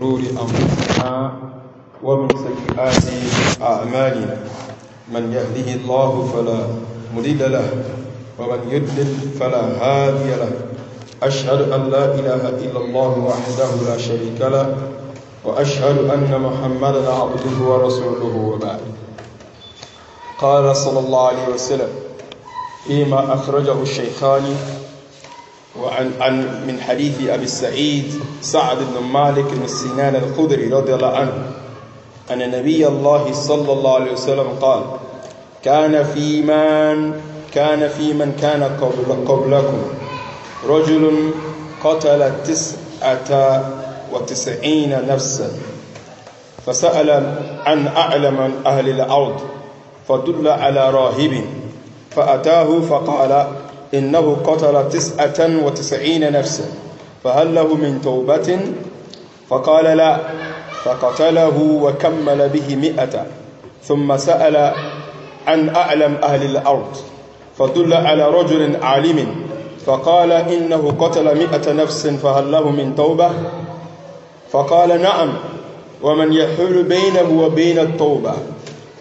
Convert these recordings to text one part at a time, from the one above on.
شرور أنفسنا ومن سيئات أعمالنا من يهده الله فلا مضل له ومن يضلل فلا هادي له أشهد أن لا إله إلا الله وحده لا شريك له وأشهد أن محمدا عبده ورسوله وبعد قال صلى الله عليه وسلم فيما أخرجه الشيخان وعن عن من حديث أبي السعيد سعد بن مالك بن سنان الخدري رضي الله عنه أن نبي الله صلى الله عليه وسلم قال كان في من كان في من كان قبل قبلكم رجل قتل تسعة وتسعين نفسا فسأل عن أعلم أهل الأرض فدل على راهب فأتاه فقال إنه قتل تسعة وتسعين نفسا فهل له من توبة فقال لا فقتله وكمل به مئة ثم سأل عن أعلم أهل الأرض فدل على رجل عالم فقال إنه قتل مئة نفس فهل له من توبة فقال نعم ومن يحول بينه وبين التوبة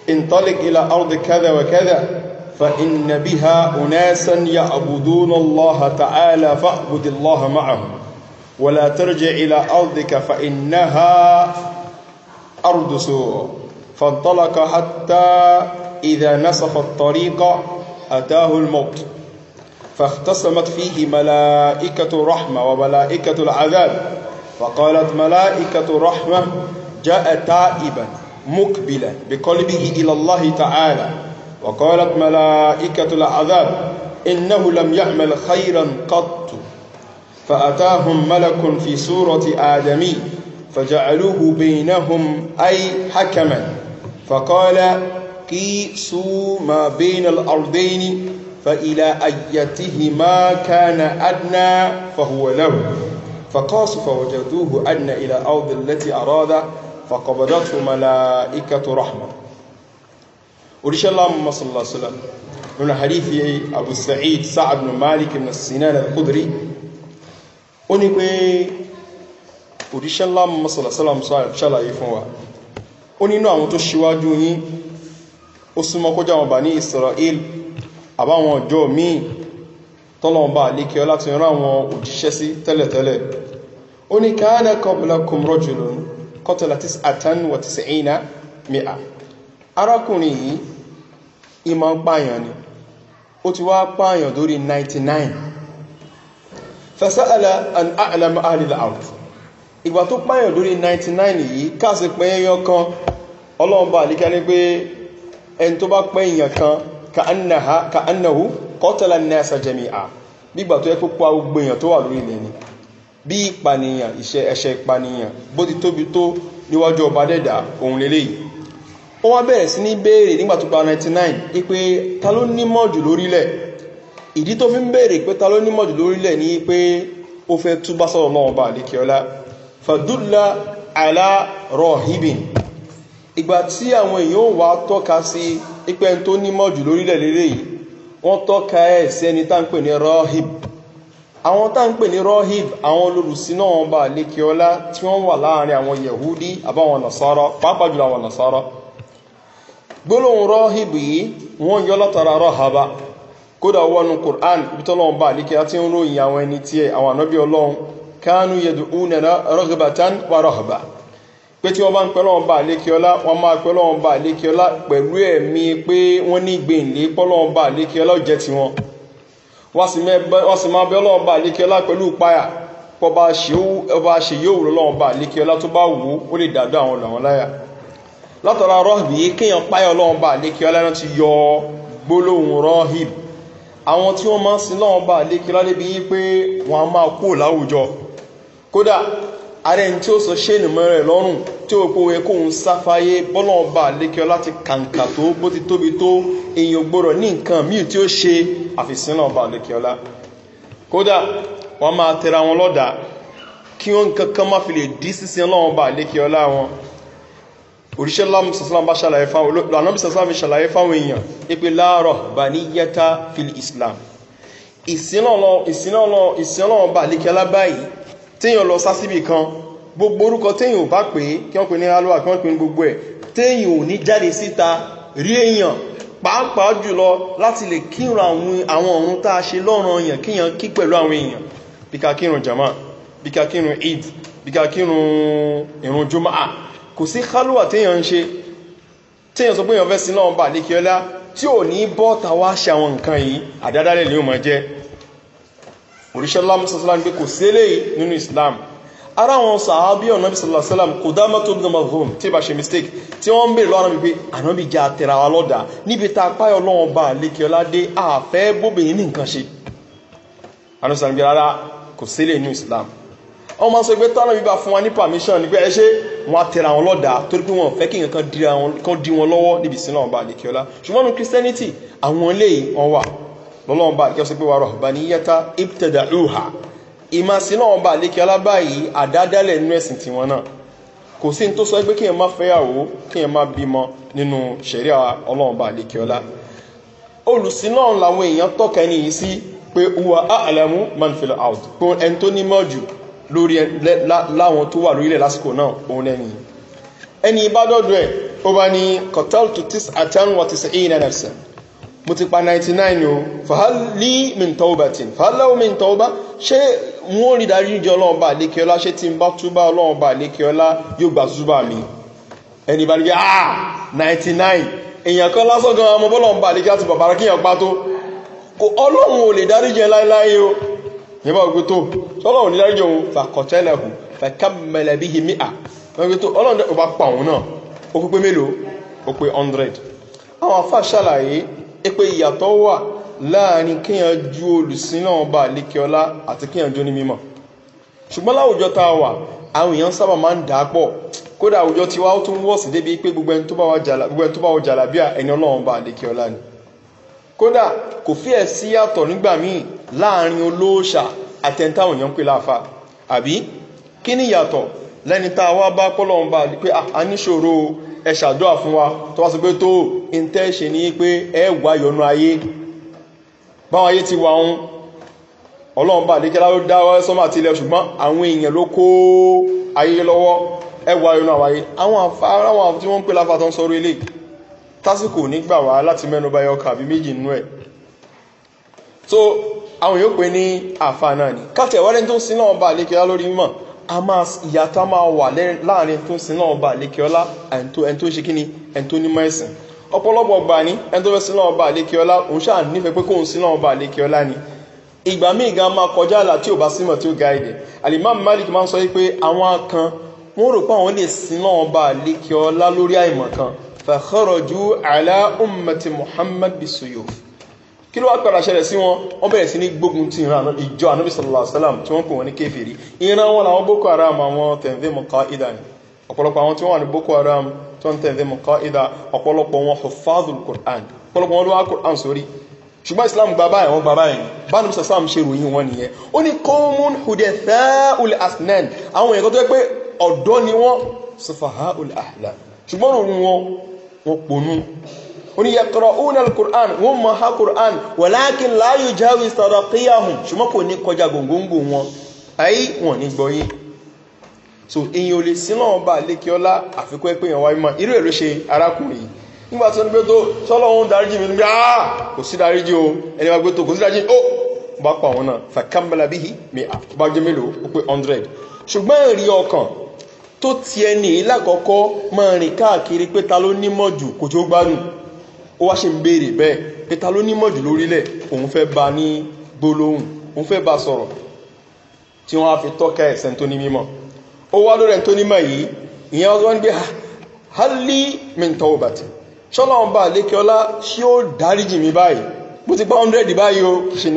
انطلق إلى أرض كذا وكذا فإن بها أناسا يعبدون الله تعالى فاعبد الله معهم ولا ترجع إلى أرضك فإنها أرض سوء فانطلق حتى إذا نسف الطريق أتاه الموت فاختصمت فيه ملائكة رحمة وملائكة العذاب فقالت ملائكة رحمة جاء تائبا مقبلا بقلبه إلى الله تعالى وقالت ملائكة العذاب إنه لم يعمل خيرا قط فأتاهم ملك في سورة آدمي فجعلوه بينهم أي حكما فقال قيسوا ما بين الأرضين فإلى أيتهما كان أدنى فهو له فقاسوا فوجدوه أدنى إلى الأرض التي أراد فقبضته ملائكة رحمه òrìṣẹ́lá mọ́sánlọ́sọ́lá nínú harifi abu sa'id sa'ad bin malik ibn sinan al-khudri ó ní pé òrìṣẹ́lá mọ́sánlọ́sọ́lá ṣàlàyé fún wa ó nínú àwọn tó ṣíwájú yín ó súnmọ́ kó jáwọn bà ní israel àbáwọn ọjọ́ míì tọ́lọ̀mbà lékẹ́ ọ láti rán àwọn òjíṣẹ́ sí tẹ́lẹ̀tẹ́lẹ̀ ó ní káàdà kọbùlá kùmrọ̀jùlọ kọtàlá tí àtàn wà tí sẹ́yìnà mìíràn arákùnrin yìí ìmọ̀ ń pààyàn ni ó ti wá pààyàn lórí 99 fasa'ala an a'lam ahli out. ard ìgbà tó pààyàn lórí 99 yìí káàsì pé èèyàn kan ọlọ́ọ̀bá àlíkà ní pé ẹni tó bá pẹ́ èèyàn kan ka annahu qatala an-nasa jami'a bígbà tó yẹ kó pa gbogbo èèyàn tó wà lórí ilẹ̀ ni bí ìpànìyàn ìṣẹ́ ẹ̀ṣẹ̀ ìpànìyàn bó ti tóbi tó níwájú ọba dẹ́dà òun lélẹ́yìí ó wá bẹ̀rẹ̀ sí ní béèrè nígbà tó gba 99 pé ta ló nímọ̀ jù lórílẹ̀ ìdí tó fi ń béèrè pé ta ló nímọ̀ jù lórílẹ̀ ni pé ó fẹ́ túbá sọ́rọ̀ náà bá àlékè fàdúlà alárọ̀hìbìn ìgbà tí àwọn èèyàn wà tọ́ka sí ipẹ́ tó nímọ̀ jù lórílẹ̀ lélẹ̀ yìí wọ́n tọ́ka ẹ̀ sí ẹni tá ń pè ní rọ́hìb àwọn tá ń pè ní rọ́hìb àwọn olùsí náà wọn tí wọ́n wà láàrin àwọn yẹ̀húdí àbáwọn nàṣọ́rọ́ pàápàá jùlọ àwọn nàṣọ́rọ́ gbólóhùn rọ́hìbù yìí wọ́n yọ́ látara rọ́hàbá kódà wọnú Qur'an bitọ́lọ́wọ́n bá líkẹ́ àti ń ròyìn àwọn ẹni tí àwọn ànábí ọlọ́run kánú yad'una raghbatan wa rahba pé tí wọ́n bá ń pẹ́lọ́wọ́n bá lékiọlá wọ́n máa pẹ́lọ́wọ́n bá lékiọlá pẹ̀lú ẹ̀mí pé wọ́n ní gbèǹlé pọ́lọ́wọ́n bá lékiọlá ò jẹ́ tiwọn wọ́n sì máa bẹ́ ọlọ́wọ́n bá lékiọlá pẹ̀lú ìpáyà pọ́ bá ṣe yóò rọ́lọ́wọ́n bá lékiọlá tó bá wù ó lè dàdó àwọn làwọn láyà látara rọ́hìbì yìí kíyàn páyọ̀ lọ́wọ́n bá lékí ọlẹ́rán ti yọ gbólóhùn rọ́hìb àwọn tí wọ́n máa ń sin lọ́wọ́n bá lékí lọ́lébí yí pé wọ́n a máa kú láwùjọ kódà ààrẹ tí ó sọ ṣéènì mẹ́rẹ̀ lọ́rùn tí ó kówó ẹkóhun sáfáyé bọ́lọ́wọ́n bá lékí ọ láti kàǹkà tó bó ti tóbi tó èèyàn gbọ́rọ̀ ní nǹkan míì tí ó ṣe àfìsín lọ́wọ́n bá lékí ọlá kódà wọ́n máa tẹra wọn lọ́dà kí wọ́n kankan má fi lè dí sísin lọ́wọ́n bá lékí ọlá wọn òríṣẹ́ láàmù sàṣàlámù bá ṣàlàyé fáwọn olóòlù sàṣàlámù ṣàlàyé fáwọn èèyàn ipé láàrọ̀ bà ní yẹta fil islam ìsìnlọ́nà bà líkẹ́lá báyìí téèyàn lọ sásíbì kan gbogbo orúkọ téèyàn ò bá pè é kí wọ́n pè ní alúwà kí wọ́n pè ní gbogbo ẹ̀ téèyàn ò ní jáde síta rí èèyàn pàápàá jùlọ láti lè kírun àwọn ọ̀run tá a ṣe lọ́rùn èèyàn kíyàn kí pẹ̀lú àwọn èèyàn bí ká kírun jama bí ká kírun eid bí ká kírun ìrun jumaa kò sí kálùwà téèyàn ń ṣe téèyàn sọ pé èèyàn fẹ́ sí náà bà lékè ọlá tí ò ní bọ́ta wá ṣe àwọn nǹkan yìí àdádálẹ̀ ni ó máa jẹ́ òrìṣẹ́ lámù sàlám pé kò sí nínú islam ara àwọn sàábí ọ̀nàbí sàlám kò dá mọ́tò ní ọmọ home tí ìbá ṣe mistake tí wọ́n ń bèèrè lọ́wọ́ ànábì pé ànábì jẹ́ àtẹ̀rà wa lọ́dà níbi tá a páyọ̀ lọ́wọ́ bá lékè ọlá dé àfẹ́ bóbìnrin ní nǹkan ṣe ànábì sàlám bí rárá kò sí nínú islam wọ́n máa sọ pé tọ́nà bíbá fún wa ní permission ni pé ẹ ṣe wọ́n á tẹ̀ra wọn lọ́dà torí pé wọ́n fẹ́ kí nǹkan kan di wọn lọ́wọ́ níbi sínú ọba àdìkíọ́lá ṣùgbọ́n nu christianity àwọn eléyìí wọn wà lọ́lọ́run bá àdìkíọ́ sọ pé wàá rọ̀bà ní yẹta ibteda uha ìmọ̀ sínú ọba àdìkíọ́lá báyìí àdádálẹ̀ nínú ẹ̀sìn tiwọn náà kò sí ní tó sọ pé kí yẹn má fẹ́yàwó kí yẹn má bímọ nínú ṣẹ̀ríà ọlọ́run bá àdìkíọ́lá olùsìn náà làwọn èèyàn tọ́ka lórí láwọn tó wà lórílẹ̀ lásìkò náà òun lẹ́ni ẹni bá dọ́dọ̀ ẹ̀ ó bá ní kọ̀tọ́l tó tí àtẹ́rùn wọ́n ti sẹ́ èyí náà sẹ́ mo ti pa 99 o fàálì mìntọ́ọ̀bà tí fàálà mìntọ́ọ̀bà ṣé wọ́n rí darí jẹ́ ọlọ́ọ̀bà lékeọlá ṣé tí ń bá túbá ọlọ́ọ̀bà lékeọlá yóò gbà túbà mi ẹni bá rí bí ah 99 èèyàn kan lásán gan ọmọ bọ́lọ̀ ń bà lékeọlá ti bàbára kíyàn pa tó ọlọ́run ò lè darí jẹ́ láéláé o yẹba ògbé tó sọ́lọ́ òní dáríjì òun fàkọ̀tẹ́lẹ̀hù fàkàmẹ̀lẹ̀ bí i mìíà ògbé tó ọlọ́run ọba pa òun náà ó pé mélòó ó pé 100 àwọn afá ṣàlàyé pé ìyàtọ̀ wà láàrin kíyàn ju olùsìn náà bá lékeọlá àti kíyàn jó ní mímọ̀ ṣùgbọ́n láwùjọ tá a wà àwọn èèyàn sábà máa ń dà á pọ̀ kódà àwùjọ tiwa ó tún wọ̀ sí débi pé gbogbo ẹni tó bá wọ jàlábíà ẹni ni kódà kò fi ẹ̀ sí yàtọ̀ nígbà míì láàrin olóòṣà àtẹ̀ntáwọn èèyàn pè láàfà àbí kí ni yàtọ̀ lẹ́ni tá a wá bá pọ́lọ́run bá pé a níṣòro ẹ ṣàdúrà fún wa tó wá sọ pé tó ntẹ́ ṣe ni pé ẹ wá yọnu ayé báwọn ayé ti wà ń ọlọ́run bá lékẹ́lá ló dá sọ́mà àti ilẹ̀ ṣùgbọ́n àwọn èèyàn ló kó ayé lọ́wọ́ ẹ wá yọnu àwọn àwọn àfáà àwọn tí wọ́n ń pè láfà tó ń sọ̀rọ̀ eléyìí tásìkò nígbà wá láti mẹ́nubá yọkà àbí méjì nínú ẹ̀ so àwọn yóò pè ní àfààní ni káàkiri ìwádìí tó ń sin náà bá àlékè lórí mọ̀ a máa ìyàtọ̀ máa wà láàrin tó ń sin náà bá àlékè ọlá ẹni tó ń ṣe kí ni ẹni tó ní mẹ́sìn ọ̀pọ̀lọpọ̀ gbà ní ẹni tó fẹ́ sin náà bá àlékè òun ṣáà nífẹ̀ẹ́ pé kóun sin náà bá àlékè ni ìgbà míì gan máa kọjá àlà tí ò bá símọ̀ tí ó ga èdè alimami malik máa ń sọ wípé àwọn kan wọ́n rò pé àwọn lè sin náà bá àlékè lórí àìmọ̀ kan fàkọ́rọ̀jú àlá ummati muhammad bisuyuf kí ló wá padà ṣẹlẹ̀ sí wọn wọ́n bẹ̀rẹ̀ sí ní gbógun ti ìran ìjọ anábì sallallahu alaihi wasallam tí wọ́n pè wọ́n ní kéfèrí ìran wọn làwọn boko haram àwọn tẹ̀m̀fẹ́ mọ̀ká ìdá ni ọ̀pọ̀lọpọ̀ àwọn tí wọ́n wà ní boko haram tó ń tẹ̀m̀fẹ́ mọ̀ká ìdá ọ̀pọ̀lọpọ̀ wọn hufadul quran ọ̀pọ̀lọpọ̀ wọn ló wá quran sórí ṣùgbọ́n islam gba báyìí wọ́n gba báyìí báyìí musa sam ṣe ròyìn wọn nìyẹn ó ní kọ́mún hudẹ̀fẹ́ ul asnan àwọn èèyàn tó jẹ́ pé ọ̀dọ́ ni wọ́n sọfàhà ul ahla ṣùgbọ́n ròyìn wọn wọ́n ponú wọ́n yẹ kọ́rọ̀ òun al-Qur'an wọ́n mọ̀ ha Qur'an walakin la yujawiz taraqiyahum ṣùgbọ́n kò ní kọjá gbòǹgbò wọn ayé wọn ní gbọ́yé so èyàn ò lè sí náà bá lékè àfikún ẹgbẹ́ èèyàn wáyé mọ́ irú ẹ̀ ṣe arákùnrin yìí nígbà tó ń gbé tó sọ́lọ́ òun dáríjì mi nígbà áà kò sí dáríjì o ẹni wá gbé tó kò sí dáríjì ó bá pa àwọn náà fàkàmbala bíi mi àbájẹ́ mélòó ó pé 100 ṣùgbọ́n èrè ọkàn tó ti ẹni ìlàkọ́kọ́ máa rìn káàkiri pé ta ló nímọ̀ jù kò tó gbádùn ó wá ṣe ń béèrè bẹ́ẹ̀ pé ta ló nímọ̀ jù lórílẹ̀ òun fẹ́ ba ní gbólóhùn òun fẹ́ ba sọ̀rọ̀ tí wọ́n á fi tọ́ka ẹ̀sẹ̀ tó ní mímọ̀ ó wá lórí ẹ̀ tó nímọ̀ yìí ìyẹn wọ́n ń gbé hálí mẹ́ntọ́ òbàtì ṣọ́lá ọba àlékeọlá ṣí ó dáríjì mi báyìí bó ti bá 100 báyìí ó ṣe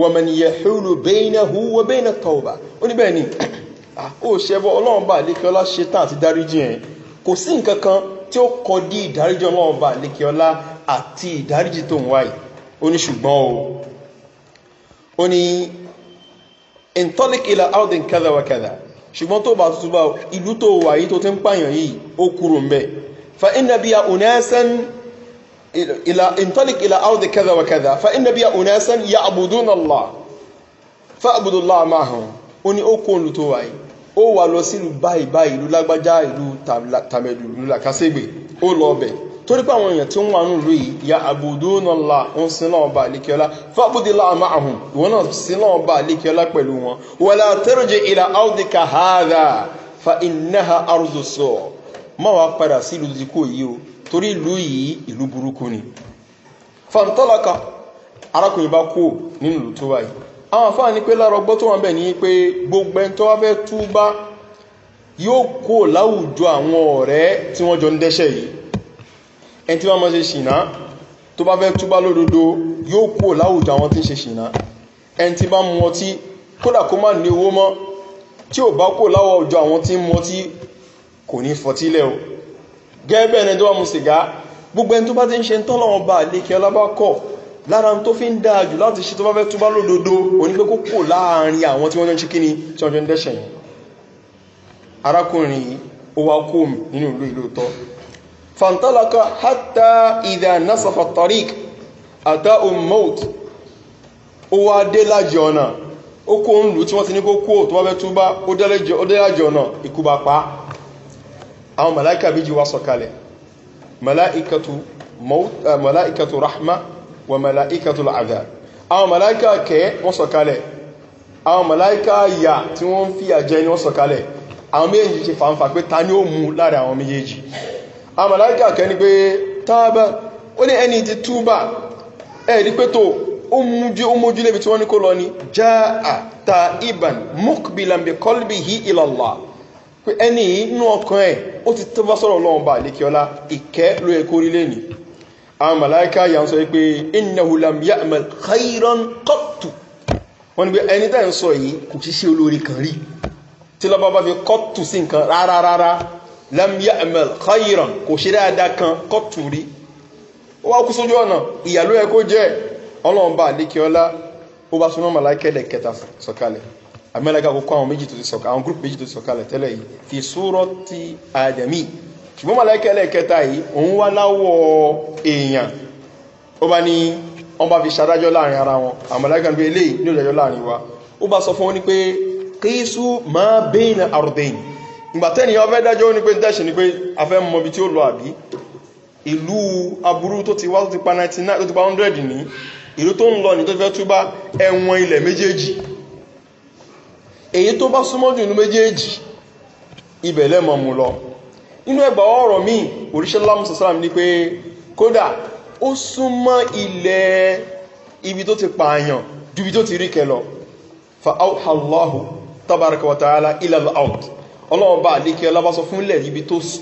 wọ́n yẹ̀húlù bẹ́ẹ̀nà húwọ́ bẹ́ẹ̀nà tọ́ọ̀bà ó ní bẹ́ẹ̀ ni ó ṣẹbọ ọlọ́run bá lékiọlá ṣe tán àti dáríjì ẹ̀ kò sí nǹkan kan tí ó kọ dí ìdáríjì ọlọ́run bá lékiọlá àti ìdáríjì tó ń wáyé ó ní ṣùgbọ́n o ó ní intonic ilà kẹ́dàwákẹ́dà ṣùgbọ́n tó bá tuntun bá ìlú tó wà tó ti ń pààyàn yìí ó kúrò ń bẹ́ẹ̀ fa ìnàbíyà onẹ́sẹ́ni إلى انطلق إلى أرض كذا وكذا فإن بي أناسا يعبدون الله فأعبد الله معهم oni ó kó olùtò wà yìí ó wà lọ sílùú báyìí báyìí ìlú lágbájá ìlú tàmẹ̀dù ìlú làkàṣègbè ó lọ ọbẹ̀ torí pé àwọn èèyàn tí ń wà nù lóyìí ya àbùdónà la ń sin náà bá àlékiọlá fábùdílà àmà àhùn ìwọ náà sin náà bá pẹ̀lú wọn wọlé àtẹrùjẹ ìlà áùdíkà hàdà fa ìnáha arúgbó sọ máa wá padà sílùú ti kó yìí o torí ìlú yìí ìlú burúkú ni fàntọ́lọ́kà arákùnrin bá kú nínú ìlú tó wáyé àwọn àfáà ní pé lárọgbọ́ tó wọ́n bẹ̀ ní pé gbogbo ẹni tó wá fẹ́ túbá yóò kó láwùjọ àwọn ọ̀rẹ́ tí wọ́n jọ ń dẹ́ṣẹ̀ yìí ẹni tí wọ́n mọ́ ṣe ṣìná tó bá fẹ́ túbá lódodo yóò kó láwùjọ àwọn tí ń ṣe ṣìná ẹni tí bá mọ tí kódà kó má ní owó mọ́ tí ò bá kó láwùjọ àwọn tí ń mọ tí kò ní fọtílẹ̀ o gẹ́gẹ́ ẹni tó wà mú sìgá gbogbo ẹni tó bá ti ń ṣe ń tọ́lọ́wọ́n bá lékẹ́ ọlábá kọ̀ lára tó fi ń dáa jù láti ṣe tó bá fẹ́ tó bá lódodo onígbé kó láàrin àwọn tí wọ́n jọ ń ṣe kíni tí wọ́n jọ ń dẹ́ṣẹ̀ yìí arákùnrin ó wá kó nínú ìlú ìlú tọ́ fantalaka hatta ìdá nasafa tariq ata ummout ó wá dé lájẹ ọ̀nà ó kó ń lù tí wọ́n ti ní kó tó bá fẹ́ tó ó dé lájẹ ọ̀nà ikú bá pa á àwọn màláìkà méjì wá sọ̀kalẹ̀ màláìkàtù maut eh, màláìkàtù rahma wa màláìkàtù al'adha àwọn màláìkà kẹ́ wọ́n sọ̀kalẹ̀ àwọn màláìkà yà tí wọ́n ń fi àjẹ́ ni wọ́n sọ̀kalẹ̀ àwọn méjì ṣe fàǹfà pé ta ni ó mú lára àwọn méjèèjì àwọn màláìkà kẹ́ ni pé tábà ó ní ẹni ti túbà ẹ̀rí pé tó ó mójúlébi tí wọ́n ní kó lọ ni jáà ta iban mukbilan bi qalbihi ila Allah pé ẹni yìí nú ọkàn ẹ̀ ó ti tó bá sọ̀rọ̀ lọ́wọ́n bá lékè ọlá ìkẹ́ ló yẹ kó rí lé ní àwọn màláìka yà ń sọ pé innahu lam ya'mal khayran qattu wọ́n ní pé ẹni tẹ́ ń sọ yìí kò ṣiṣẹ́ olórí kan rí tí lọ́ba bá fi qattu sí nǹkan rárá rárá lam ya'mal khayran kò ṣe dáadáa kan qattu rí ó wá kú sójú ọ̀nà ìyà kó jẹ́ ọlọ́wọ́n bá lékè ọlá ó bá súnmọ́ màláìka ẹ̀dẹ̀ kẹta sọ̀kalẹ̀ amẹ́lẹ́gà kó kọ́ àwọn méjì tó ti sọ̀kà àwọn gúrùpù méjì tó ti sọ̀kalẹ̀ tẹ́lẹ̀ yìí fi sóòrọ̀ ti àdẹ̀mí ṣùgbọ́n màláìkà ẹlẹ́ẹ̀kẹta yìí òun wá láwọ̀ èèyàn ó bá ní wọ́n bá fi ṣàdájọ́ láàrin ara wọn àwọn màláìkà níbi eléyìí ní òjòjọ́ láàrin wa ó bá sọ fún wọn ni pé kíṣù máa bẹ́ẹ̀nà àrùdẹ̀yìn ìgbà tẹ́ni ọ fẹ́ dájọ́ ní pé ni pé a fẹ́ mọ ibi tí ó ìlú tó ń lọ ní tó fẹ́ túbá ẹ̀wọ̀n ilẹ̀ méjèèjì èyí tó bá súnmọ́ jù ní méjèèjì ibẹ̀ lẹ́mọ̀ mú lọ nínú ẹgbà ọ̀rọ̀ míì òríṣẹ́ lámùsọ̀sọ́lám ní pé kódà ó súnmọ́ ilẹ̀ ibi tó ti pààyàn ju ibi tó ti rí kẹlọ fa auhallahu tabaraka wa ta'ala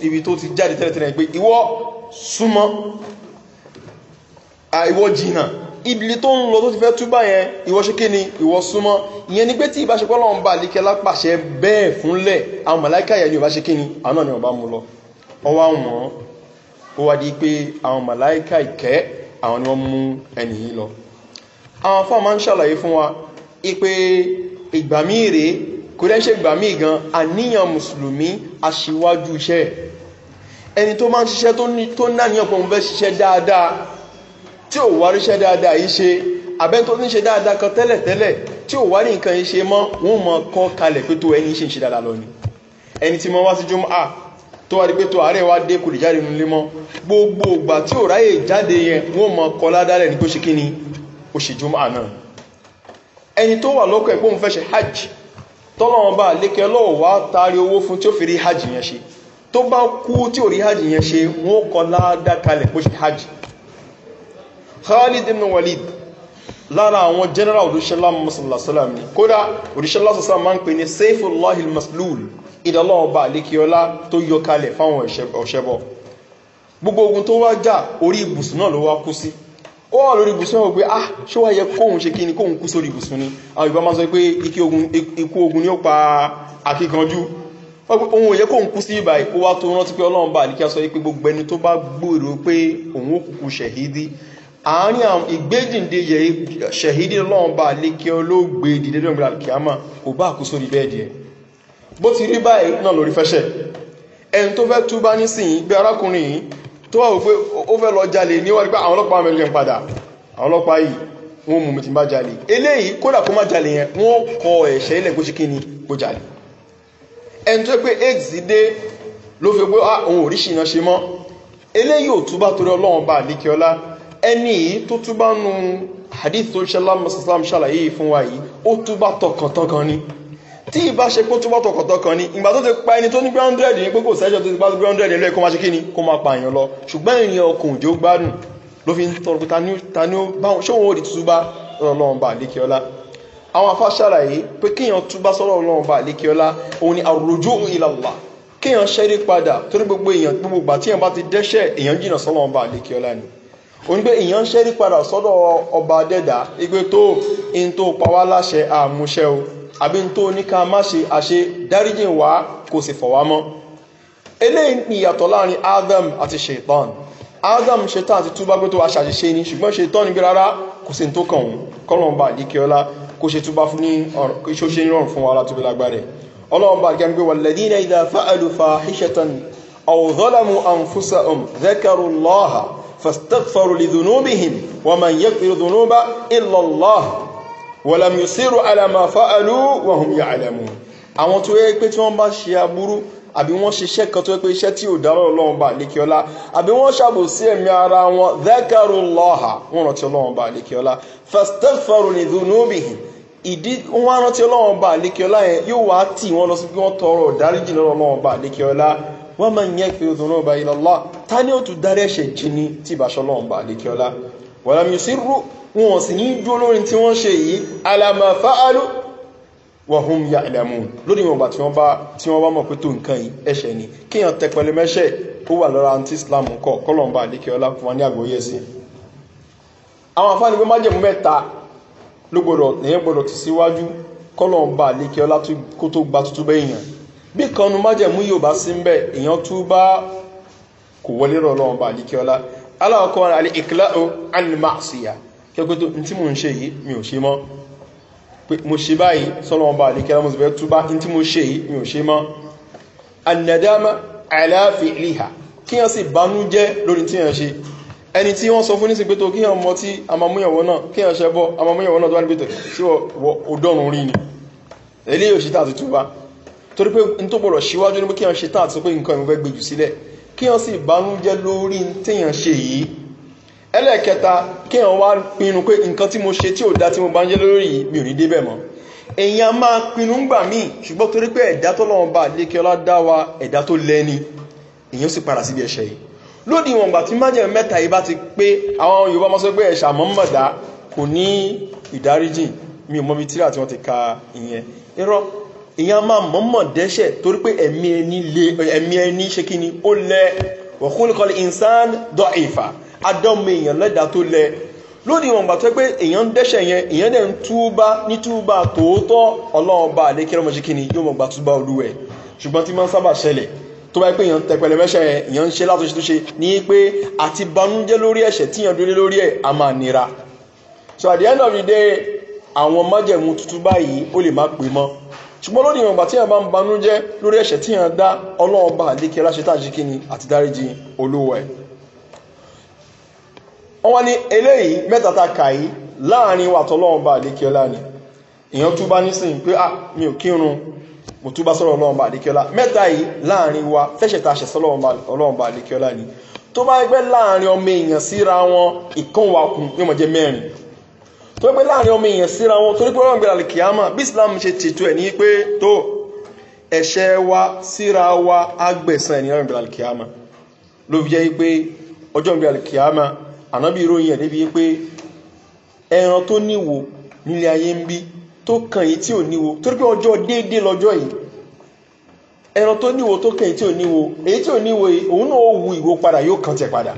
ibi tó ti jáde tẹ́lẹ̀tẹ́lẹ̀ ibi tó ń lọ tó ti fẹ́ túbà yẹn ìwọ ṣe kí ni ìwọ súnmọ́ ìyẹn ni pé tí ìbáṣepọ̀ lọ́wọ́ ń bá àlíkẹ́ lápàṣẹ bẹ́ẹ̀ fúnlẹ̀ àwọn màláìkà yẹn ni ìbá ṣe kí ni àwọn náà ni wọ́n bá mú lọ ọwọ́ àwọn ó wá di pé àwọn màláìkà ìkẹ́ àwọn ni wọ́n mú ẹnì yìí lọ àwọn afọ́ máa ń ṣàlàyé fún wa pé ìgbà míì rèé kò dẹ́ ṣe ìgbà míì gan àníyàn mùsùlùmí aṣíwájú iṣẹ́ ẹni tó máa ń ṣiṣẹ́ tó náà ní ọ̀pọ̀ òun fẹ́ ṣiṣẹ́ dáadáa tí ò wá ríṣẹ́ dáadáa yìí ṣe abẹ́ tó ní ṣe dáadáa kan tẹ́lẹ̀ tẹ́lẹ̀ tí ò wá ní nǹkan ṣe mọ́ wọ́n mọ kọ́ kalẹ̀ pé tó ẹni ṣe ń ṣe dáadáa lọ ni ẹni tí mo wá sí jùmọ̀ tó wá di pé tó àárẹ̀ wá dé kò lè jáde nílé mọ́ gbogbo ìgbà tí ò ráyè jáde yẹn wọ́n mọ kọ́ ládàlẹ̀ ní pé ó ṣe kíni ó ṣe jùmọ̀ náà ẹni tó wà lọ́kọ̀ ẹ̀ pé òun fẹ́ ṣe hajj tọ́lọ́wọ́n bá lékẹ́ lọ́wọ́ wá taari owó fún Khalid ibn Walid lára àwọn general olùṣẹ́lá musulmasalam ni kódà olùṣẹ́lá sọ́sá máa ń pè ní Saifullah al-Maslul ìdánlọ́ọ̀bá àlékiọlá tó yọ kalẹ̀ fáwọn ọ̀ṣẹ́bọ gbogbo ogun tó wá jà orí ibùsùn náà ló wá kú sí ó wà lórí ibùsùn náà wọ́n pé ah ṣó wáyé kóhun ṣe kí ni kóhun kú sórí ibùsùn ni àwọn ìbá máa sọ pé ikú ogun ni ó pa akíkanjú ohun òye kóhun kú sí ibà ìkó wá tó rántí pé ọlọ́run bá àlékiọlá sọ pé gbogbo ẹni tó bá gbòòrò pé òun ó kúkú ṣẹ̀hídí àárín àwọn ìgbédìnde ṣẹ̀hídì lọ́wọ́n bá lè kí olóògbé dìde lóògbé alkiyama ò bá kú sórí bẹ́ẹ̀dì ẹ̀ bó ti rí báyìí náà lórí fẹ́ṣẹ̀ ẹni tó fẹ́ túbá nísìnyí bí arákùnrin yìí tó wà wípé ó fẹ́ lọ jalè níwájú pé àwọn ọlọ́pàá mẹ́rin padà àwọn ọlọ́pàá yìí wọ́n mú mi ti bá jalè eléyìí kódà kó má jalè yẹn wọ́n kọ ẹ̀ṣẹ̀ ilẹ̀ gbóṣe ni kó jalè ẹni tó pé aids dé ló fi pé ah, òun ò rí ṣìnà ṣe mọ́ eléyìí ò túbá torí ọlọ́run ẹni yìí tó túbá nu hadith tó ṣe lámàsàlám ṣàlàyé yìí fún wa yìí ó túbá tọkàntọkàn ni tí ìbá ṣe pé túbá tọkàntọkàn ni ìgbà tó ti pa ẹni tó ní grounded ní pé kò sẹ́jọ́ tó ti pa grounded nílé kó máa ṣe kí ni kó máa pa èèyàn lọ ṣùgbọ́n èèyàn ọkùnrin òjò gbádùn ló fi ń tọrọ pé ta ni ó báwọn ṣé òun ò di túbá ọlọ́run bá àlékè ọlá àwọn ṣẹ́rí padà torí gbogbo èèyàn gbogbo ìgbà tíyàn bá ti dẹ́ṣẹ̀ èèyàn jìnà sọ́rọ̀ ọlọ́run bá ni onígbé èèyàn ń ṣẹ́rí padà sọ́dọ̀ ọba dẹ́dà igbe tó in tó pa wá láṣẹ àmúṣẹ o àbí n tó ní ká má ṣe àṣe dáríjìn wá kò sì fọ̀ wá mọ́ eléyìí ni ìyàtọ̀ láàrin adam àti shaitan adam shaitan àti túbá pé tó wá ṣàṣìṣe ni ṣùgbọ́n shaitan níbi rárá kò sí tó kàn òun kọ́lọ́n bá àdíkẹ́ ọlá kó ṣe túbá fún ní ìṣóṣe rọrùn fún wa látúbí lágbàrẹ̀ ọlọ́run bá àdíkẹ́ فاستغفروا لذنوبهم ومن يغفر ذنوبا إلا الله ولم يصروا على ما فعلوا وهم يعلمون àwọn tó yẹ pé tí wọ́n bá ṣe aburú àbí wọ́n ṣiṣẹ́ kan tó yẹ pé iṣẹ́ tí ò dára Ọlọ́run bá lékiọlá àbí wọ́n ṣàbòsí ẹ̀mí ara wọn dhakaru Allaha wọ́n rántí Ọlọ́run bá lékiọlá fastaghfaru li dhunubihim ìdí wọ́n rántí Ọlọ́run bá lékiọlá yẹn yóò wá tì wọ́n lọ sí pé wọ́n tọrọ ìdáríjì lọ́wọ́ Ọlọ́run bá lékiọlá wa man yaghfiru dhunuba illa Allah ta ni ó tún dárí ẹ̀ṣẹ̀ jì ní tí ìbáṣọ́ náà ń bà lékè ọlá wọn sì ní dúró lórí tí wọ́n ṣe yìí ala ma fa'alu wa hum ya'lamun lórí wọn bá tí wọ́n bá mọ̀ pé tó nǹkan yìí ẹ̀ṣẹ̀ ni kíyàn tẹpẹlẹ mẹ́ṣẹ̀ ó wà lọ́ra anti Islam kọ kọ́lọ̀mbà lékè ọlá fún wa ní àgbóyè sí àwọn àfáàní pé májẹ̀mú mẹ́ta ló gbọ́dọ̀ lẹ́yìn gbọ́dọ̀ tì síwájú kọ́lọ̀mbà lékè kó tó gba tuntun bẹ́yìn bí kanu májẹ̀mú yóò bá sí ń bẹ̀ èèyàn tú bá kò wọlé rọ̀ lọ́wọ́ bá àdíkẹ́ ọlá aláwọ̀kọ́ wọn alẹ́ ìkìlá alìmáàsíyà kẹ́kọ́ tó tí mo ń ṣe yìí mi ò ṣe mọ́ mo ṣe báyìí sọ́lọ́wọ́ bá àdíkẹ́ ọlá mo sì fẹ́ tú bá tí mo ṣe yìí mi ò ṣe mọ́ anadama aláàfin ìlíhà kí wọ́n sì banú jẹ́ lórí tí wọ́n ṣe ẹni tí wọ́n sọ fún nísìn pé tó kí wọ́n mọ tí amamúyàwó náà kí wọ́n ṣẹbọ́ amamúyàwó náà tó wá ní pé tó sí ọ̀dọ́rùn rí ni eléyìí òṣìṣẹ́ àti túbá torí pé n tó gbọ́dọ̀ síwájú ní pé kíyàn ṣe táà tó pé nǹkan ìwọ̀n fẹ́ gbèjù sílẹ̀ kíyàn sì bánújẹ́ lórí téèyàn ṣe yìí ẹlẹ́ẹ̀kẹta kíyàn wá pinnu pé nǹkan tí mo ṣe tí ò dá tí mo bánújẹ́ lórí yìí mi ò ní débẹ̀ mọ́ èèyàn máa pinnu ńgbà míì ṣùgbọ́n torí pé ẹ̀dá tó lọ́wọ́ bá lékè ọlá dá wa ẹ̀dá tó lẹ́ni èèyàn sì padà síbi ẹ̀ṣẹ̀ yìí lóde ìwọ̀n ìgbà tí májèmí mẹ́ta yìí bá ti pé àwọn yorùbá máa sọ pé ẹ̀ṣà mọ́mọ́dá kò ní ìdáríjì mi ò mọ́bi tíra tí wọ́n ti ka ìyẹn irọ́ ìyẹn máa mọ̀mọ̀ dẹ́ṣẹ̀ torí pé ẹ̀mí ẹni lé ẹ̀mí ẹni ṣe kí ni ó lẹ wa khuliqal insan da'ifa adọ́mọ èèyàn lẹ́dà tó lẹ lónìí ìwọ̀n gbàtọ́ pé èèyàn ń dẹ́ṣẹ̀ yẹn èèyàn dẹ̀ ń túbá ní túbá tòótọ́ ọlọ́run bá àlé kíra ọmọṣe kíni yóò mọ̀ gbà túbá olúwẹ̀ ṣùgbọ́n tí máa ń sábà ṣẹlẹ̀ tó bá yẹ pé èèyàn tẹpẹlẹ mẹ́ṣẹ̀ yẹn èèyàn ń ṣe látúnṣe tó ṣe ní pé àti banújẹ́ lórí ẹ̀ṣẹ̀ tíyàn dúró lórí ẹ̀ a máa nira so at the end of the day àwọn májẹ̀mú tuntun báyìí ó lè má pè mọ́ ṣùgbọ́n lórí ìwọ̀nba tí yàn bá ń banújẹ́ lórí ẹ̀ṣẹ̀ tí yàn dá ọlọ́ọ̀ba àlékè láṣetá àṣekíni àti dáríjì olówó ẹ̀ wọ́n wá ní eléyìí mẹ́ta ta kà yìí láàrin wa tọ́lọ́ọ̀ba àlékè ọlá ni èèyàn túbá nísìnyí pé ah mi ò kírun mo túbá sọ́rọ̀ ọlọ́ọ̀ba àlékè ọlá mẹ́ta yìí láàrin wa fẹ́ṣẹ̀ ta ṣẹ̀ sọ́lọ́ọ̀ba àlékè ọlá ni tó bá gbẹ́ láàrin ọmọ èèyàn síra wọn ìkànwakùn yóò mọ̀ tó pé láàrin ọmọ èèyàn síra wọn torí pé wọ́n gbé alìkìyàmà bí islam ṣe tètò ẹ ní pé tó ẹ̀ṣẹ̀ wa síra wa agbẹ̀sán ẹ̀nìyàn gbé alìkìyàmà ló fi jẹ́ pé ọjọ́ gbé alìkìyàmà ànábì ìròyìn ẹ̀ débi pé ẹran tó níwò nílé ayé ń bí tó kàn yìí tí ò níwò torí pé ọjọ́ déédéé lọ́jọ́ yìí ẹran tó níwò tó kàn yìí tí ò níwò èyí tí ò níwò òun náà ó wu padà yóò kàn tẹ̀ padà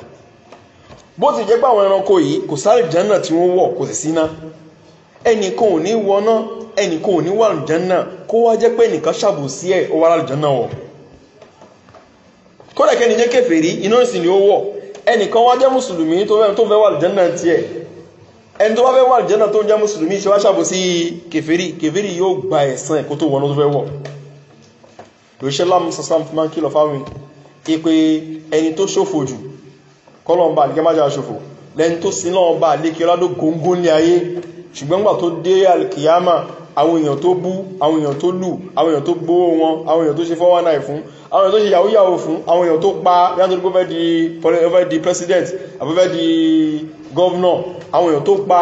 bó ti jẹ́ pé àwọn ẹranko yìí kò sáré jẹ́nà tí wọ́n wọ̀ kò sì síná ẹnìkan ò ní wọná ẹnìkan ò ní wà lùjẹ́nà kó wá jẹ́ pé ẹnìkan ṣàbòsí ẹ̀ ó wà lùjẹ́nà wọ̀ kódà kẹ́ni jẹ́ kèfèrí iná ìsìn ni ó wọ̀ ẹnìkan wá jẹ́ mùsùlùmí tó fẹ́ wà lùjẹ́nà tiẹ̀ ẹni tó bá fẹ́ wà lùjẹ́nà tó ń jẹ́ mùsùlùmí ṣe wá ṣàbòsí kèfèrí kèfèrí yóò gba ẹ̀san ẹ̀ tó wọná ẹni tó ṣòfò jù kọ́lọ̀mbà àlíkẹ́ má jà ṣòfò lẹ́ni tó sin lọ́wọ́ bá àlékẹ́ ládó góngó ní ayé ṣùgbọ́n gbà tó dé alkiyama àwọn èèyàn tó bú àwọn èèyàn tó lù àwọn èèyàn tó gbówó wọn àwọn èèyàn tó ṣe 419 fún àwọn èèyàn tó ṣe yahoo yahoo fún àwọn èèyàn tó pa yàtọ̀ tó fẹ́ di president àbúfẹ́ di governor àwọn èèyàn tó pa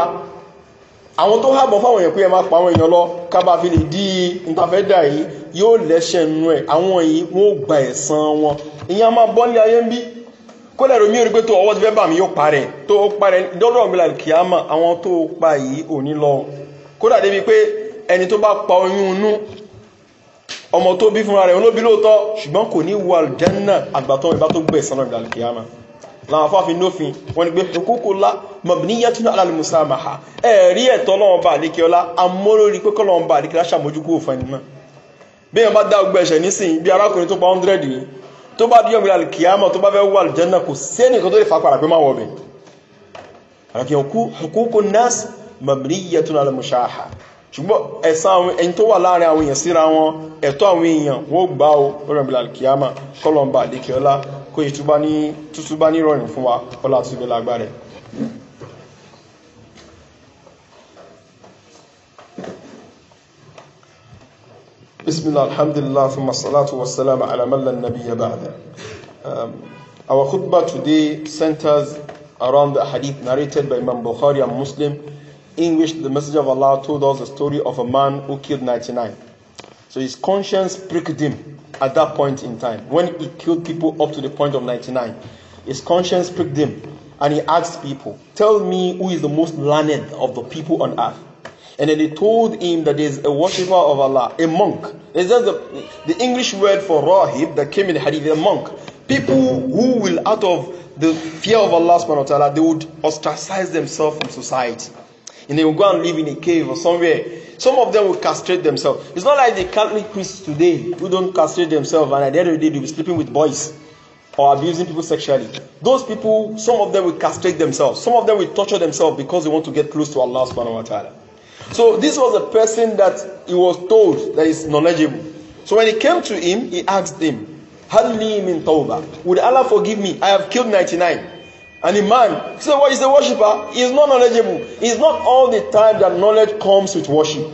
àwọn tó hábọ̀ fáwọn èèyàn pé ẹ má pa àwọn èèyàn lọ kábà fi lè dí ìtafẹ́dà yìí yóò lẹ́ṣẹ̀ nú ẹ̀ àwọn yìí wọ́n gba ẹ̀san wọn ìyẹn a máa bọ́ ní ayé ń bí kólẹ̀ romi orí pé tó ọwọ́ ti fẹ́ bà mí yóò parẹ́ tó ó parẹ́ dọ́dọ̀ mi làlù kìámà àwọn tó pa yìí ò ní lọ kódà débi pé ẹni tó bá pa oyún inú ọmọ tó bí fúnra rẹ̀ olóbi lóòótọ́ ṣùgbọ́n kò ní wọ àlùjànnà àgbàtọ́ ìbá tó gbẹ̀ sánà ìdàlù kìámà láwọn afáfin nófin wọn ni pé kókó la mabniyatun ala al-musamaha ẹ̀rí ẹ̀tọ́ lọ́wọ́ bá àdékẹ́ ọlá tó bá díyọ̀ bí alìkìyàmọ̀ tó bá fẹ́ wà alìjẹ́nà kò sẹ́ni kan tó lè fàpàrà pé má wọ̀ bẹ̀ àràkìyàn hukuku nas mabniyatun ala mushaha ṣùgbọ́n ẹ̀san àwọn ẹni tó wà láàrin àwọn èèyàn síra wọn ẹ̀tọ́ àwọn èèyàn wọ́n gbá o lọ́rọ̀ bí alìkìyàmọ̀ kọlọmbà àdékẹ́ọ́lá kó ìtúbá ní rọrùn fún wa kọlá àtúbẹ̀ lágbára Bismillah alhamdulillah, الحمد لله wa الصلاة ala على من لا Our khutbah today centers around the hadith narrated by Imam Bukhari and Muslim in which the Messenger of Allah told us the story of a man who killed 99. So his conscience pricked him at that point in time when he killed people up to the point of 99. His conscience pricked him and he asked people, Tell me who is the most learned of the people on earth. And then they told him that there's a worshipper of Allah, a monk. It's just the, the English word for rahib that came in the hadith, a monk. People who will, out of the fear of Allah subhanahu wa ta'ala, they would ostracize themselves from society. And they will go and live in a cave or somewhere. Some of them will castrate themselves. It's not like the Catholic priests today who don't castrate themselves and at the end of the day they'll be sleeping with boys or abusing people sexually. Those people, some of them will castrate themselves. Some of them will torture themselves because they want to get close to Allah subhanahu wa ta'ala. So this was a person that he was told that is knowledgeable. So when he came to him, he asked him, Halli min tawbah. Would Allah forgive me? I have killed ninety-nine." And the man, so what is a worshiper? He is not knowledgeable. is not all the time that knowledge comes with worship.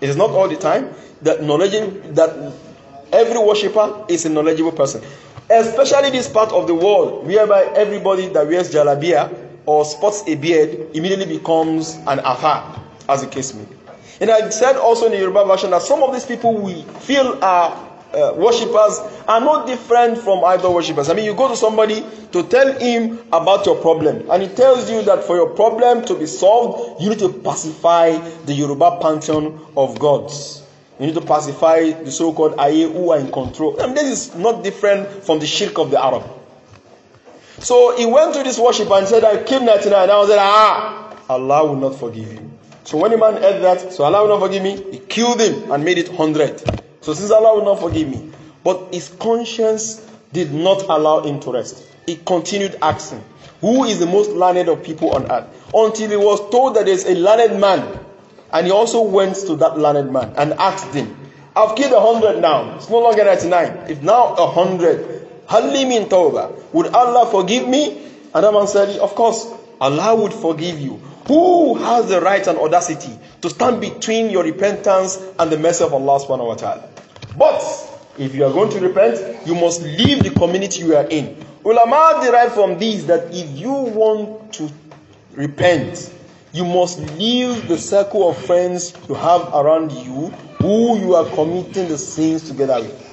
It is not all the time that knowledge that every worshiper is a knowledgeable person. Especially this part of the world whereby everybody that wears jalabia or sports a beard immediately becomes an afar. as the case may be. And i said also in the Yoruba version that some of these people we feel are uh, worshippers are not different from idol worshippers. I mean, you go to somebody to tell him about your problem, and he tells you that for your problem to be solved, you need to pacify the Yoruba pantheon of gods. You need to pacify the so called Aye who are in control. I mean, this is not different from the shirk of the Arab. So he went to this worship and said, I killed 99, and I was like, Ah, Allah will not forgive you. So when a man heard that, so Allah will not forgive me, he killed him and made it 100. So since Allah will not forgive me, but his conscience did not allow him to rest. He continued asking, Who is the most learned of people on earth? Until he was told that there's a learned man. And he also went to that learned man and asked him, I've killed a hundred now. It's no longer 99. If now a hundred, Halim in Tawbah, would Allah forgive me? And that man said, Of course, Allah would forgive you. Who has the right and audacity to stand between your repentance and the mercy of Allah subhanahu wa ta'ala? But if you are going to repent, you must leave the community you are in. Ulama derive from this that if you want to repent, you must leave the circle of friends you have around you who you are committing the sins together with.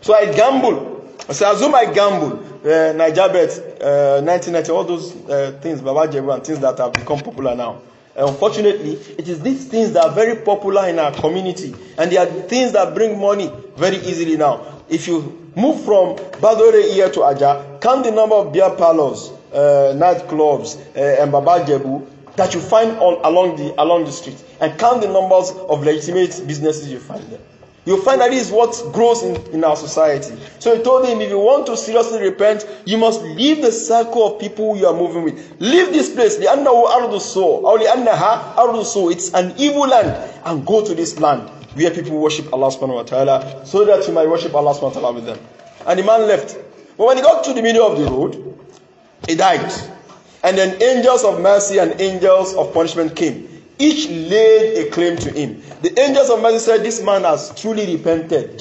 So I gamble So assume I gamble, uh, Niger Bet, uh, 1990, all those uh, things, Baba Jebu and things that have become popular now. Uh, unfortunately, it is these things that are very popular in our community, and they are things that bring money very easily now. If you move from Badore here to Aja, count the number of beer parlors, uh, nightclubs, uh, and Baba Jebu that you find on along the along the street, and count the numbers of legitimate businesses you find there. You find that is what grows in, in our society. So he told him, if you want to seriously repent, you must leave the circle of people you are moving with. Leave this place. the It's an evil land. And go to this land where people worship Allah subhanahu wa ta'ala so that you might worship Allah subhanahu wa ta'ala with them. And the man left. But when he got to the middle of the road, he died. And then angels of mercy and angels of punishment came each laid a claim to him. The angels of mercy said, This man has truly repented.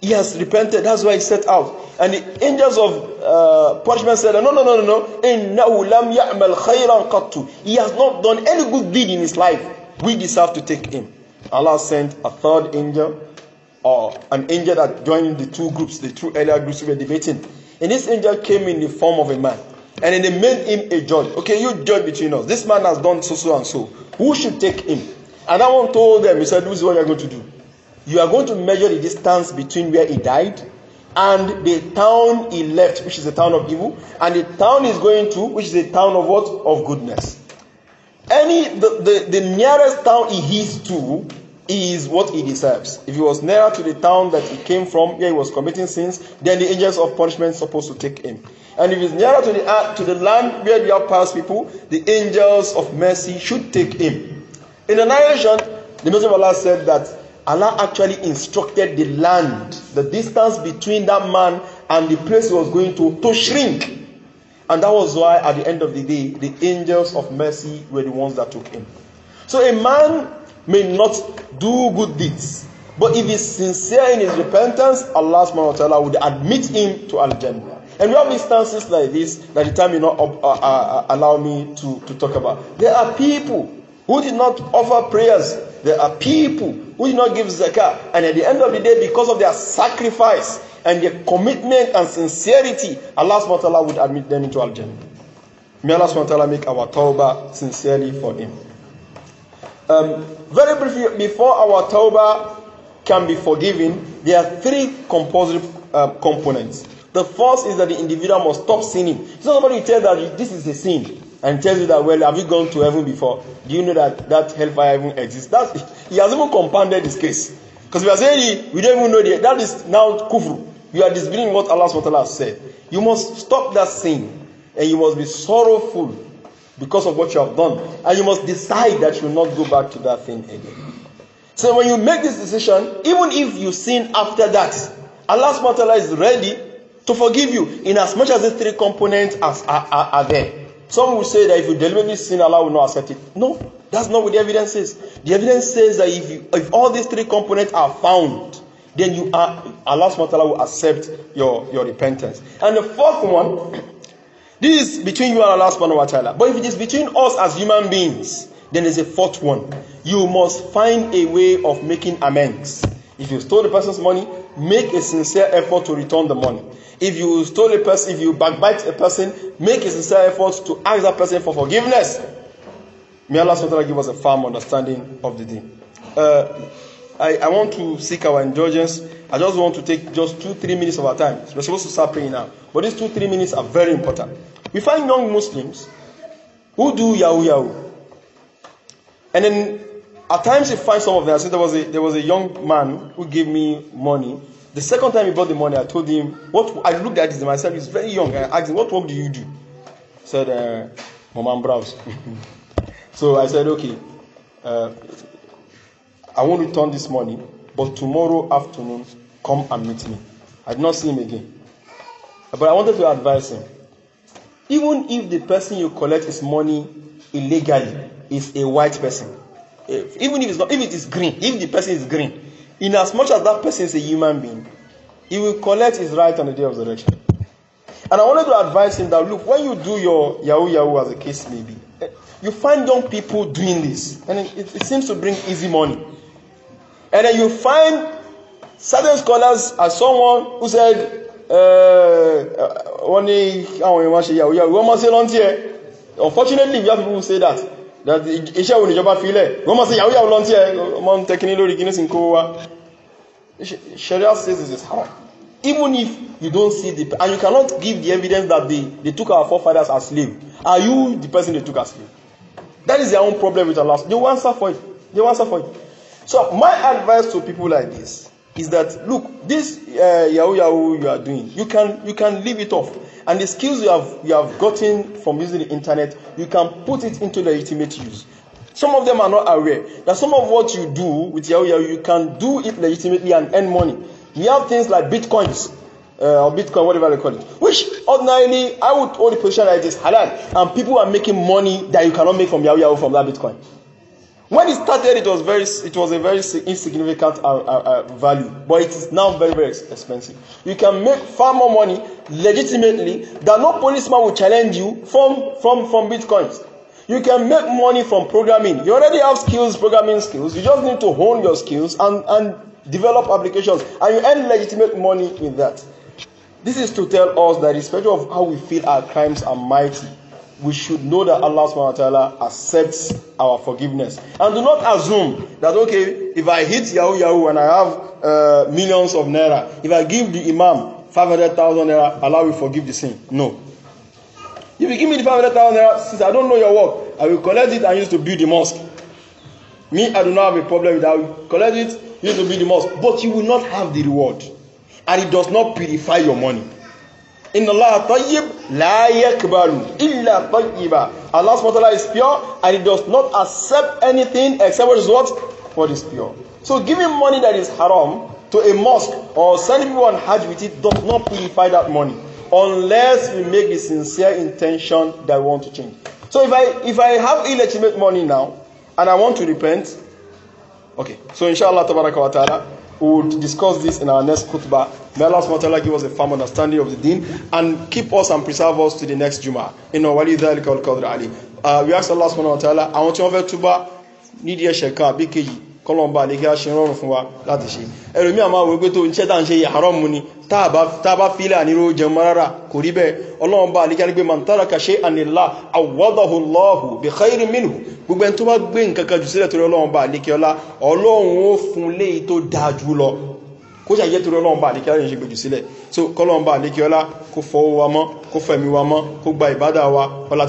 He has repented. That's why he set out. And the angels of uh, punishment said, No, no, no, no, no. He has not done any good deed in his life. We deserve to take him. Allah sent a third angel, or an angel that joined the two groups, the two earlier groups we were debating. And this angel came in the form of a man and then they made him a judge. Okay, you judge between us. This man has done so, so, and so. Who should take him? And that one told them, he said, This is what you are going to do. You are going to measure the distance between where he died and the town he left, which is the town of evil, and the town he's going to, which is the town of what? Of goodness. Any the, the, the nearest town he is to is what he deserves. If he was nearer to the town that he came from, where he was committing sins, then the angels of punishment supposed to take him. And if he's nearer to the, uh, to the land where you have past people, the angels of mercy should take him. In the narration, the Messenger of Allah said that Allah actually instructed the land, the distance between that man and the place he was going to, to shrink. And that was why, at the end of the day, the angels of mercy were the ones that took him. So a man may not do good deeds, but if he's sincere in his repentance, Allah subhanahu would admit him to Al Jannah. And we have instances like this that the time will not uh, uh, uh, allow me to, to talk about. There are people who did not offer prayers. There are people who did not give zakah. And at the end of the day, because of their sacrifice and their commitment and sincerity, Allah subhanahu wa ta'ala would admit them into Al-Jannah. May Allah subhanahu wa ta'ala make our tawbah sincerely for Him. Um, very briefly, before our tawbah can be forgiven, there are three composite uh, components. The first is that the individual must stop sinning. It's not somebody who tells that this is a sin and tells you that, well, have you gone to heaven before? Do you know that that hellfire even exists? That's, he has even compounded his case. Because we are saying we don't even know the, that is now kufr. You are disbelieving what Allah SWT has said. You must stop that sin and you must be sorrowful because of what you have done. And you must decide that you will not go back to that thing again. So when you make this decision, even if you sin after that, Allah SWT is ready to forgive you in as much as these three components as are, are, are there. Some will say that if you deliberately sin, Allah will not accept it. No, that's not what the evidence says. The evidence says that if you, if all these three components are found, then you are Allah subhanahu ta'ala will accept your, your repentance. And the fourth one, this is between you and Allah subhanahu ta'ala. But if it is between us as human beings, then there's a fourth one. You must find a way of making amends. If you stole a person's money, make a sincere effort to return the money. If you stole a person, if you backbite a person, make a sincere effort to ask that person for forgiveness. May Allah SWT give us a firm understanding of the day. Uh, I, I want to seek our indulgence. I just want to take just two, three minutes of our time. We're supposed to start praying now. But these two, three minutes are very important. We find young Muslims who do Yahoo Yahoo. And then At times you find some of them. I think there was a there was a young man who gave me money. The second time he brought the money, I told him what I looked at him. I said he's very young. I asked him, "What work do you do?" He said, uh, "Mom and brows." so I said, "Okay, uh, I won't return this money, but tomorrow afternoon, come and meet me." I did not see him again, but I wanted to advise him. Even if the person you collect his money illegally is a white person, if, eh, even if it's not if it is green if the person is green in as much as that person is a human being he will collect his right on the day of resurrection and i wanted to advise him that look when you do your yahoo yahoo as the case may be eh, you find young people doing this and it, it seems to bring easy money and then you find certain scholars as someone who said eh, wọ́n ní àwọn èèyàn máa ṣe yahoo unfortunately we have people who say that That iṣẹ́ wo níjọba fi ilẹ̀ wọ́n mọ́ sí yàwó yàwó lọ́ntí ẹ ọmọ ń tẹ́kí ní lórí guinness kó wá sharia says this is haram even if you don't see the and you cannot give the evidence that they, they took our forefathers as slaves are you the person they took as slaves that is their own problem with Allah they will answer it they will answer it so my advice to people like this is that look this uh, yahoo yahoo you are doing you can you can leave it off and the skills you have you have gotten from using the internet you can put it into legitimate use some of them are not aware that some of what you do with yahoo yahoo you can do it legitimately and earn money we have things like bitcoins uh, or bitcoin whatever they call it which ordinarily i would hold the position like this halal and people are making money that you cannot make from yahoo yahoo from that bitcoin When it started, it was very, it was a very insignificant uh, uh, uh, value, but it is now very, very expensive. You can make far more money legitimately than no policeman will challenge you from from from bitcoins. You can make money from programming. You already have skills, programming skills. You just need to hone your skills and and develop applications, and you earn legitimate money in that. This is to tell us that in spite of how we feel, our crimes are mighty we should know that Allah subhanahu wa ta'ala accepts our forgiveness. And do not assume that, okay, if I hit Yahoo Yahoo and I have uh, millions of naira, if I give the imam 500,000 naira, Allah will forgive the sin. No. If you give me the 500,000 naira, since I don't know your work, I will collect it and use to build the mosque. Me, I do not have a problem with that. I collect it, use to build the mosque. But you will not have the reward. And it does not purify your money. Inna Allah tayyib la yakbalu illa tayyiba. Allah subhanahu is pure and he does not accept anything except what is what? What is pure. So giving money that is haram to a mosque or sending people on Hajj with it does not purify that money unless we make the sincere intention that we want to change. So if I if I have illegitimate money now and I want to repent, okay. So inshallah tabaraka ta'ala we would discuss this in our next khutbah. May Allah SWT give us a firm understanding of the deen and keep us and preserve us to the next Juma. Inna wali dhalika wal qadr ali. Uh, we ask Allah subhanahu wa ta'ala, àwọn tí wọ́n fẹ́ túbá nídìí ẹ̀ṣẹ̀ kan àbí kejì kọlọmbà lè kí a ṣe rọrùn fún wa láti ṣe ẹlòmí àmà wò pé tó ń ṣẹ́ta ń ṣe haram ni tàbá fílà nírò jẹun rárá kò rí bẹ́ẹ̀ ọlọ́mbà lè kí a ní pé mantara ka ṣe ànìlá àwọ́dọ̀hùlọ́hù bí khairu minhu gbogbo ẹni tó bá gbé nǹkan jù sílẹ̀ torí ọlọ́mbà lè kí ọlá ọlọ́run ó fún so kọlọ́mbà lè kí ọlá kó fọwọ́ wa mọ́ kó fẹ̀mí wa mọ́ kó gba ìbádà wa ọlá